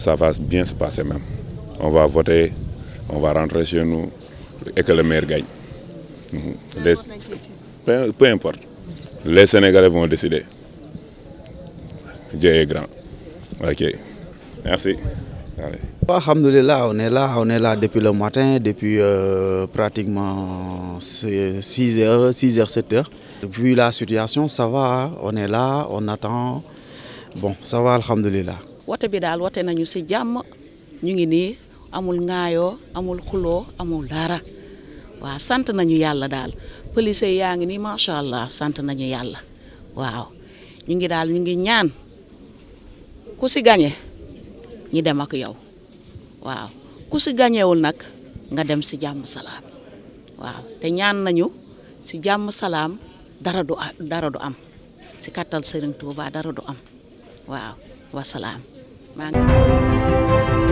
ça va bien se passer même. On va voter, on va rentrer chez nous et que le maire gagne. Mhm. Peu, importe. Les Sénégalais vont décider. Dieu est grand. Ok. Merci. Allez. on est là, on est là depuis le matin, depuis euh, pratiquement 6h, 6h, 7h. Vu la situation, ça va, on est là, on attend. Bon, ça va, alhamdulillah. wote bi dal wote nañu si jamm ñu ngi ni amul ngayo, amul xulo amul dara wah sant nañu yalla dal police yaa ngi ma sha allah sant nañu yalla waaw ñu ngi dal ñu ngi ñaan ku ci gagné ñi dem ak yow waaw ku si wul nak nga dem ci jamm salam waaw te ñaan nañu si jamm salam dara du dara du am ci katal Serigne Touba dara du am waaw man.